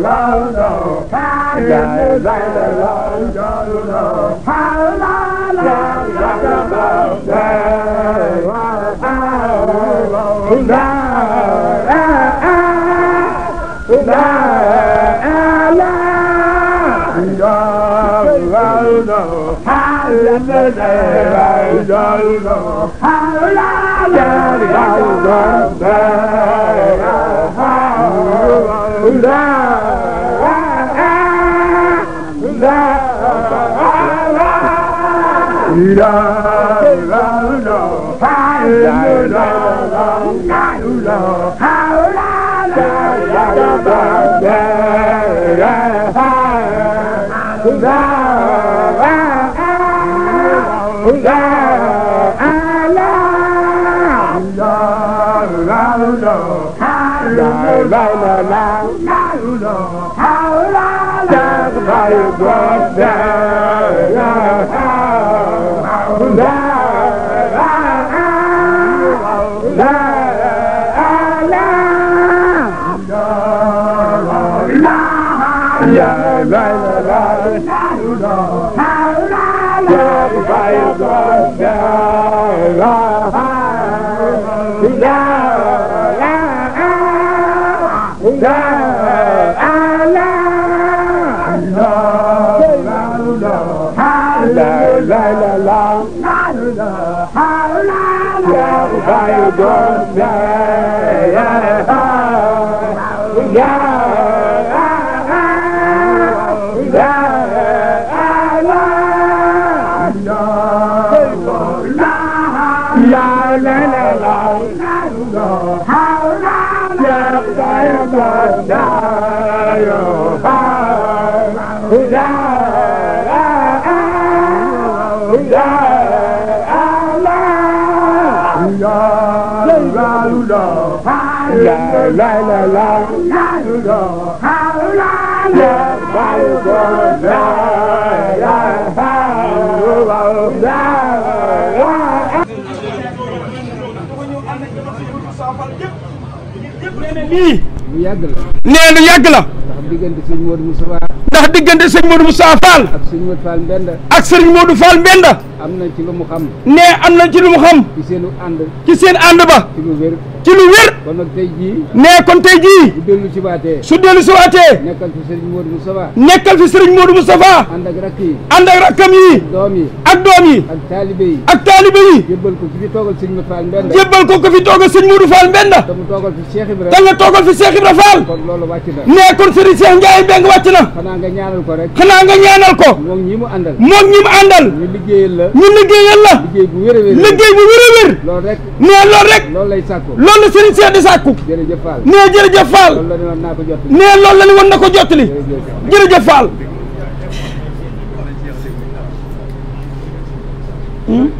lâu đầu ta dài dài là lâu cho đầu ha la la la la la la la la Hallelujah. How long? How long? يا لا لا لا يا بيض الدار يا لا لا لا لا يا بيض الدار lii lu yàgg la. nee lu yàgg la. ndax diggante sëñ Modou Moustapha. ndax diggante sëñ Modou Moustapha Fall. ak sëñ Modou Fall Mbenda. ak sëñ Modou Fall Mbenda. am nañ ci lu mu xam. nee am nañ ci lu mu xam. ci seen ànd. ci seen ànd ba. ci lu wér. ci lu wér. kon nag tey jii. nee kon tey jii. su dellu si waatee. su dellu si waatee. nekkal fi Serigne Modou Moustapha. nekkal fi Serigne Modou Moustapha. ànd ak rakk yi. ànd ak rakkam yi. doom yi ak doom yi. ak taalibe yi. ak taalibe yi. jébbal ko fi toogal Serigne Modou Fall Mbenda. jébbal ko ko fi toogal Serigne Modou Fall Mbenda. te mu toogal fi Cheikh Ibrahima. te nga toogal fi Cheikh Ibrahima Fall. kon loolu wàcc na. nee kon Serigne Cheikh Ndiaye Mbengue wàcc na. xanaa nga ñaanal ko rek. xanaa nga ñaanal ko. moom ñi mu àndal. moom ñi mu àndal. ñu liggéeyal la. ñu liggéeyal la. liggéey bu wér a wér. liggéey bu wér a wér. loolu rek. nee loolu rek. loolu lay sàkko. loolu la Serigne Cheikh di sàkku nee jërëjëf Fall nee loolu la ñu woon na ko jottali jërëjëf Fall. Hmm?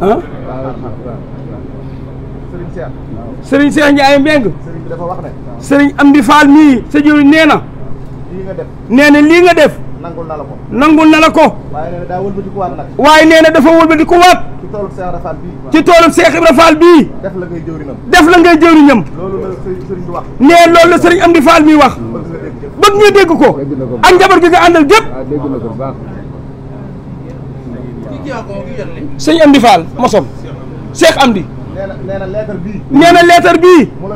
ah. Serigne Cheikh Ndiaye Mbengue. Serigne dafa wax ne. Serigne Amdi Fall mii sa jëriñ nee na. lii nga def nee na lii nga def. nangul na ko nangul na la ko. waaye nee na daa wëlbatikuwaat nag. waaye nee na dafa wëlbatikuwaat. ci toolu Cheikh Ibra Fall bii. ci toolu Cheikh Ibra Fall bii. def la ngay jëwriñam. def la ngay jëwriñam. loolu la nee loolu la Serigne Amdi Fall mii wax. bëgg nga dégg ko. bëgg nga dégg ak njaboot gi nga àndal gépp. sëñ Amdi Fall mosom Cheikh Amdi nee na leetar bii mu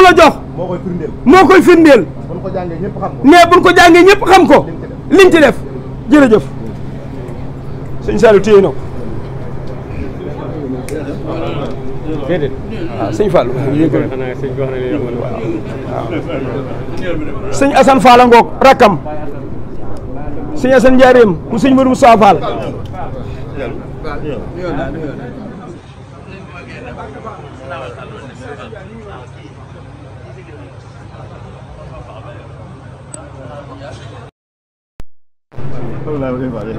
la jox moo koy firndeel moo koy ko jàngee ñëpp xam ko mais ko jàngee ñëpp xam ko liñ def jërëjëf sëñ Saliou téye na ko déedéet waaw ah, sëñ Fall sëñ rakkam sëñ Assane Ndiarème mu sëñ Modou Moussa Fall Hola, vale, vale.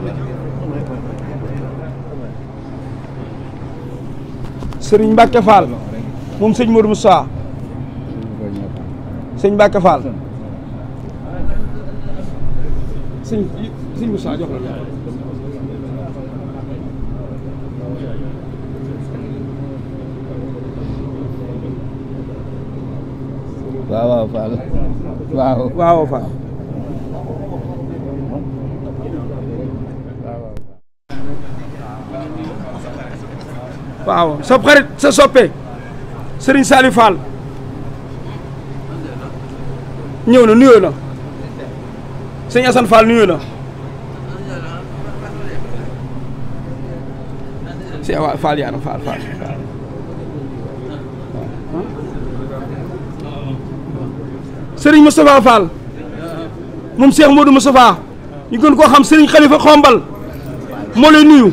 Serigne moom sëñ Mourou Moussa sëñ Mbacke Fall waaw waaw Fall waaw waaw Fall waaw sa xarit sa soppe Serigne Saliou Fall ñëw na nuyoo na sëñ Assane Fall nuyoo na si waaw Fall yaa na Fall Fall sëriñ Moustapha Fall moom Cheikh Modou Moustapha ñu gën koo xam sëriñ Khalifa Xombal moo lay nuyu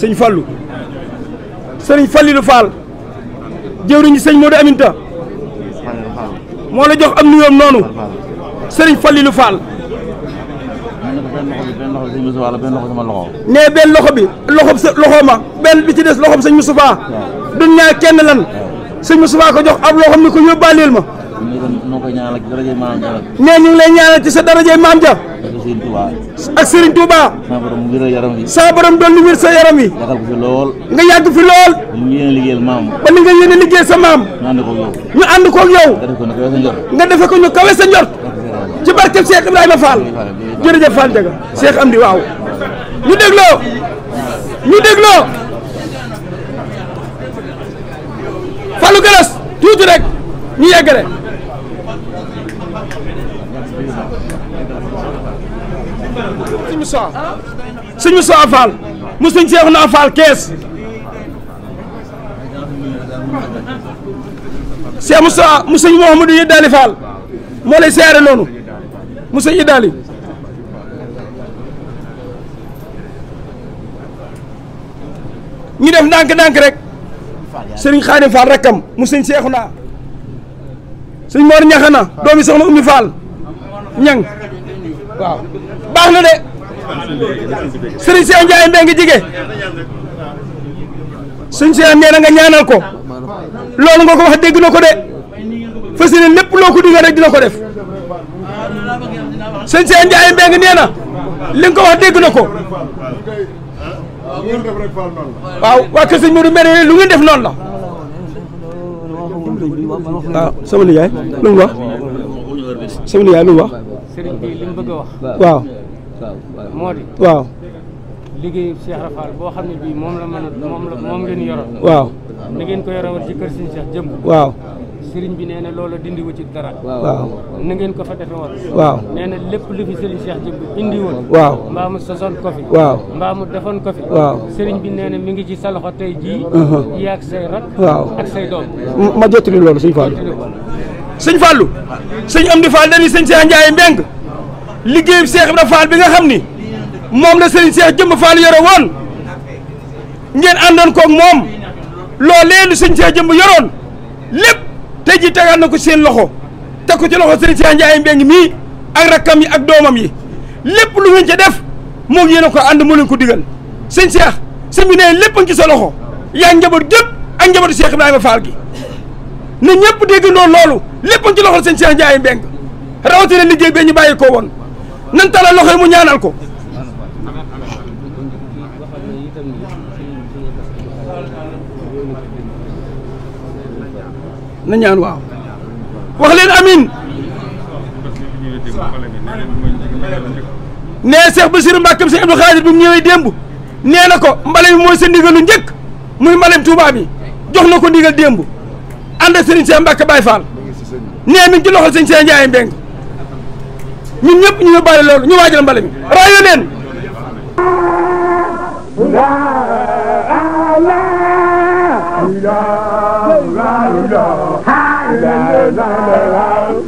sëñ Fallou sëriñ Fallilou Fall jëwriñu sëñ Modou Aminta moo la jox am nuyoom noonu sëriñ Falilou Fall. nee benn loxo bi loxob sa loxo ma benn bi ci des loxob sëñ Moustapha. duñ ñaar kenn lan sëñ Moustapha ko jox ab loxoom ni ko yóbbaaleel ma. nee ñu ngi lay ñaanal ci sa darajay maam ja ak Serigne Touba. saa borom wér yaram doon lu wér sa yaram wi. lool. nga yàgg fi lool. ñu ngi yéene liggéeyal maam. ba ni nga liggéey sa maam. ñu ànd koog yow. ñu ànd koog nga defe ko ñu kawe sa njort. ci barkeb Cheikh Ibrahima Fall. jërëjëf Fall Ndiaga. Cheikh Amdi waaw. ñu dégloo. ñu dégloo. Fallou Galas tuuti rek ñu yeggale. Moussa sëñ Moussa Fall mu sëñ Cheikhouna Fall kees Cheikh Moussa mu sëñ Mouhamadou Yidali Fall moo lay seere noonu mu sëñ Yidali ñu def ndànk-ndànk rek sëriñ Xaadim Fall rakkam mu sëñ Cheikhouna sëñ Mor Ñaxana doomi soxna Oumy Fall ñang waaw baax na de Serigne Cheikh Ndiaye Mbengue jigee suñ Cheikh nee na nga ñaanal ko loolu nga ko wax dégg ko de fas yéene lépp loo ko digal rek dina ko def sëñ Cheikh Ndiaye Mbengue nee na li ko wax dégg ko waaw waa kër sëñ Modou Mbène def noonu la waaw ah, sama nijaay lu mu wax sama nijaay waaw. moo di waaw liggéey Cheikh Rafal boo xam ne bii moom la mën a moom la moom ngeen yoroon waaw da ngeen ko yoroon ci jëm waaw sëriñ bi nee na loola dindi wu ci dara waaw na ngeen ko fa defe woon waaw lépp lu fi sëriñ Cheikh jëm waaw mbaa mu sosoon ko fi ko fi bi nee na mi ngi ci sa loxo tey jii uh-huh. yaa ak say rak waaw ak say doom ma jottali loolu sëñ Fallou sëñ Fallou sëñ Amdi Fall dañuy sëñ Cheikh Mbeng liggéeyu Cheikh Ibra Fall bi nga xam ni moom la Serigne Cheikh Jëmb Fall yore woon ngeen àndoon koog moom loolee lu Serigne Cheikh Jëmb yoroon lépp tey jii tegaan na ko seen loxo teg ko ci loxo Serigne Cheikh Ndiaye Mbengue mii ak rakkam yi ak doomam yi lépp lu ngeen ca def moo ngi yéen a ko ànd moo leen ko digal sëñ Cheikh sëñ bi nee lépp ngi ci sa loxo yaa njaboot gépp ak njabootu Cheikh Ibrahima Fall gi ne ñëpp dégg ndoon loolu lépp a ngi ci loxol sëñ Cheikh Ndiaye Mbengue rawatina liggéey bee ñu bàyyi ko woon nan talal loxo mu ñaanal ko na ñaan waaw wax leen amin nee Cheikh ba Mbacké Serigne Abdou Khadir bi mu ñëwee nee na ko mbale mi mooy sa ndigalu njëkk muy mbalem Touba bi jox na ko ndigal demb ànd ak Serigne Cheikh Mbacké Baye Fall nee mi ngi loxol Serigne Cheikh Ndiaye Mbeng ñun ñëpp ñu yóbbaale loolu ñu waajal mbale mi rayo leen la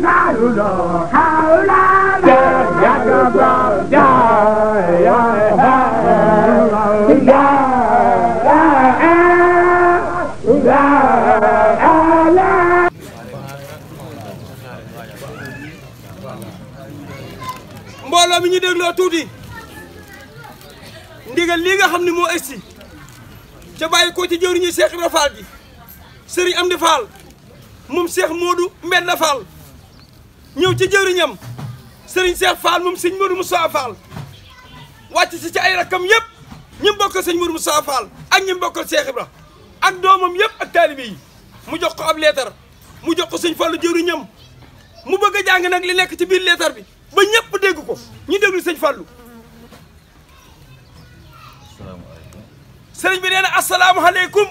la la tuuti ndigal lii nga xam ni moo egsi ca bàyyi ko ci jëwriñu Cheikh Ibra Fall ji Serigne Amdi Fall moom Cheikh Modou Mbenda Fall ñëw ci jëwriñam Serigne Cheikh Fall moom sëñ Modou Moussa Fall wàcc si ci ay rakkam yëpp ñi mu bokkal sëñ Modou Moussa Fall ak ñi mu bokkal Cheikh ak doomam yëpp ak taalibe yi mu jox ko ab leetar mu jox ko sëñ Fallu jëwriñam mu bëgg a jàng nag li nekk ci biir leetar bi ba ñëpp dégg ko ñu déglu sëñ Fallou. sëriñ bi nee na asalaamaaleykum.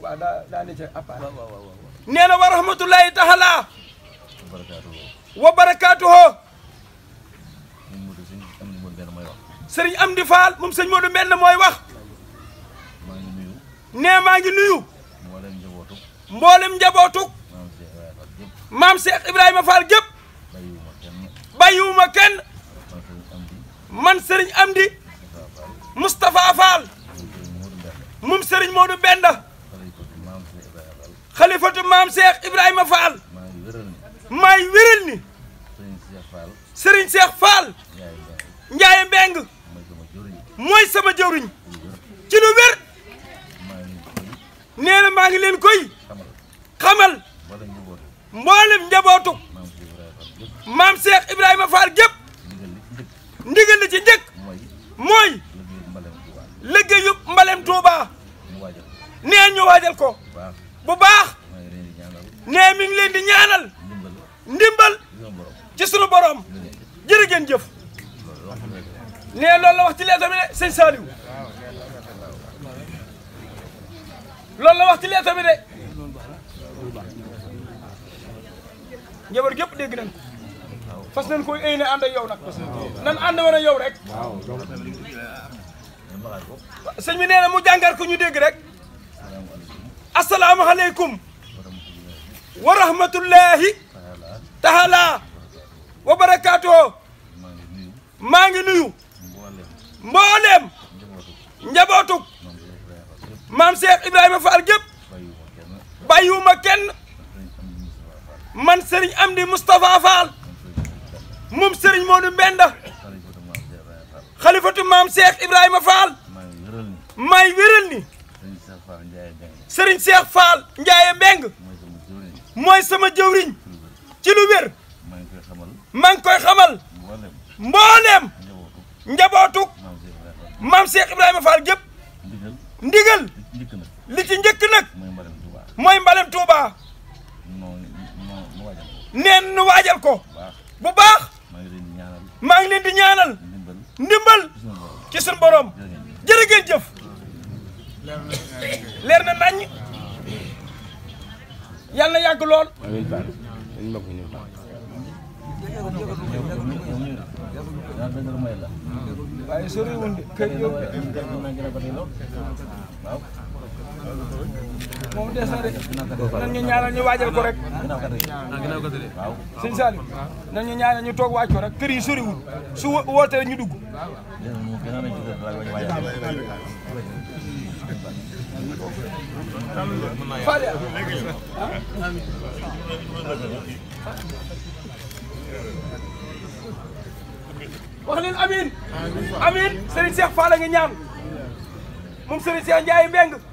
waaw daa daa ne ca appareil. nee na wa rahmatulahi taala. wa barakaatuhu. sëriñ mooy wax. nee maa mboolem njabootuk maam Cheikh Ibrahima Fall gépp bàyyiwuma kenn man Serigne Amdi Moustapha Fall moom Serigne Modou Benda xalifatu maam Cheikh Ibrahima Fall maay wéral ni Serigne Cheikh Fall Ndiaye Mbeng mooy sama jëwriñ ci lu wér nee maa ngi leen koy xamal mboolem njabootu maam Cheikh Ibrahima Fall gépp ndigal ci njëkk mooy liggéeyub mbalem Touba nee ñu waajal ko bu baax nee mi leen di ñaanal ndimbal ci sunu borom jërë jëf nee loolu la wax ci leetar de sëñ Saliou loolu la wax ci de. njaboot gépp dégg nañ ko fas nañ koy ay ne ànd ak yow nag nan ànd woon ak yow rek sëñ bi nee na mu jàngar ko ñu dégg rek asalaamaaleykum wa rahmatullahi taala wa barakaatoo maa ngi nuyu mbooleem njabootug maam Cheikh Ibrahima Fall gépp bàyyiwuma kenn man Serigne Amdi Moustapha Fall moom Serigne Modou Mbenda xalifatu maam Cheikh Ibrahima Fall may wéral ni Serigne Cheikh Fall Ndiaye Mbeng mooy sama jëwriñ ci lu wér maa koy xamal mbooleem njabootuk maam Cheikh Ibrahima Fall gépp ndigal li ci njëkk mooy mbalem Touba. neen nu waajal ko. bu baax. maa ngi leen di ñaanal. ndimbal ci suñu borom. jërë ngeen jëf. leer na nañ. yàlla na yàgg lool. waaye soriwul kër moom des na de nan ñu ñaanal ñu waajal ko rek sëñ Salim nan ñu ñaanal ñu toog waaj ko rek kër yi soriwul su woote ñu dugg Fadia wax leen amin amin Serigne Cheikh Fall moom Serigne Cheikh Ndiaye Mbeng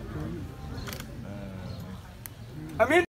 amiin